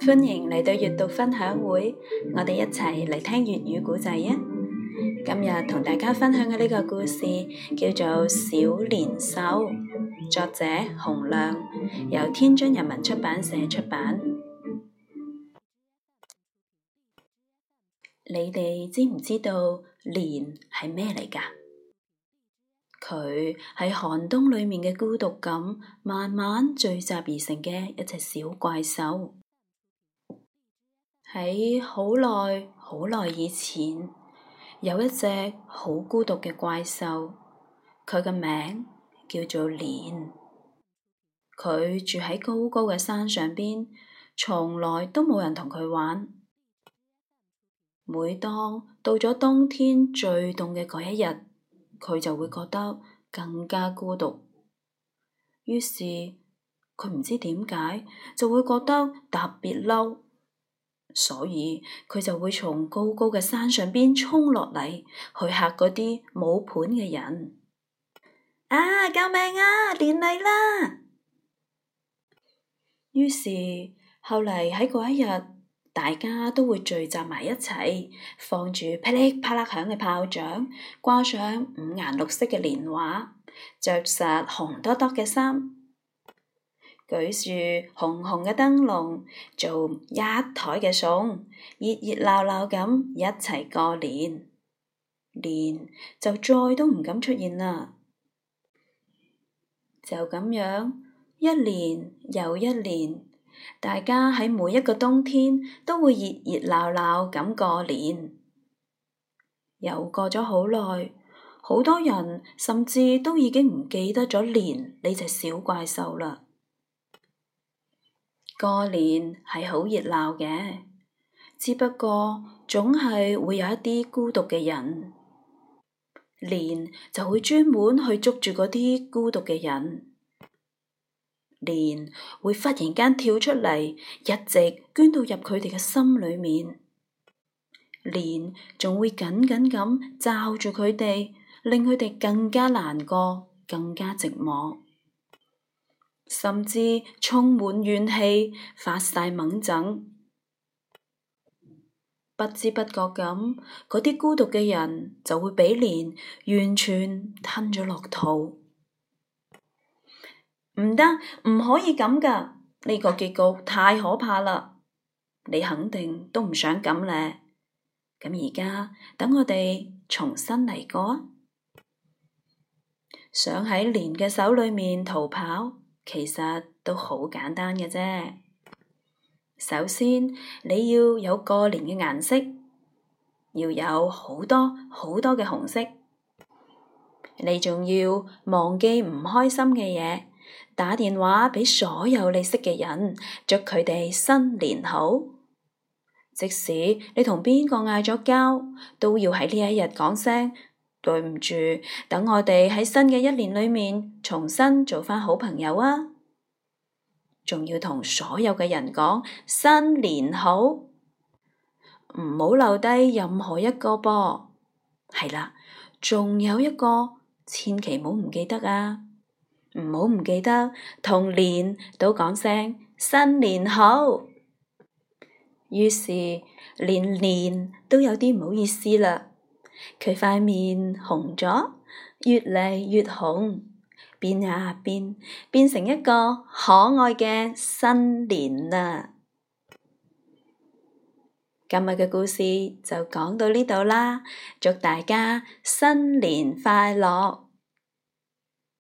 歡迎嚟到閱讀分享會，我哋一齊嚟聽粵語古仔啊！今日同大家分享嘅呢個故事叫做《小年獸》，作者洪亮，由天津人民出版社出版。你哋知唔知道年係咩嚟噶？佢係寒冬裏面嘅孤獨感慢慢聚集而成嘅一隻小怪獸。喺好耐好耐以前，有一隻好孤獨嘅怪獸，佢嘅名叫做年。佢住喺高高嘅山上邊，從來都冇人同佢玩。每當到咗冬天最凍嘅嗰一日，佢就會覺得更加孤獨。於是佢唔知點解，就會覺得特別嬲。所以佢就會從高高嘅山上邊衝落嚟，去吓嗰啲冇盤嘅人。啊！救命啊！連你啦！於是後嚟喺嗰一日，大家都會聚集埋一齊，放住噼里啪啦響嘅炮仗，掛上五顏六色嘅年畫，着實紅多多嘅衫，舉住紅紅嘅燈籠，做一台嘅餸，熱熱鬧鬧咁一齊過年。年就再都唔敢出現啦，就咁樣一年又一年，大家喺每一個冬天都會熱熱鬧鬧咁過年。又過咗好耐，好多人甚至都已經唔記得咗年，呢隻小怪獸啦。過年係好熱鬧嘅，只不過總係會有一啲孤獨嘅人，年就會專門去捉住嗰啲孤獨嘅人，年會忽然間跳出嚟，一直捐到入佢哋嘅心裏面，年仲會緊緊咁罩住佢哋，令佢哋更加難過，更加寂寞。甚至充滿怨氣，發晒猛疹，不知不覺咁，嗰啲孤獨嘅人就會俾連完全吞咗落肚。唔得，唔可以咁噶，呢個結局太可怕啦！你肯定都唔想咁咧。咁而家等我哋重新嚟過，想喺連嘅手裏面逃跑。其實都好簡單嘅啫，首先你要有過年嘅顏色，要有好多好多嘅紅色，你仲要忘記唔開心嘅嘢，打電話俾所有你識嘅人，祝佢哋新年好，即使你同邊個嗌咗交，都要喺呢一日講聲。對唔住，等我哋喺新嘅一年裏面重新做返好朋友啊！仲要同所有嘅人講新年好，唔好留低任何一個啵。係啦，仲有一個，千祈唔好唔記得啊！唔好唔記得同年都講聲新年好。於是連年都有啲唔好意思啦。佢塊面紅咗，越嚟越紅，變呀變，變成一個可愛嘅新年啦！今日嘅故事就講到呢度啦，祝大家新年快樂！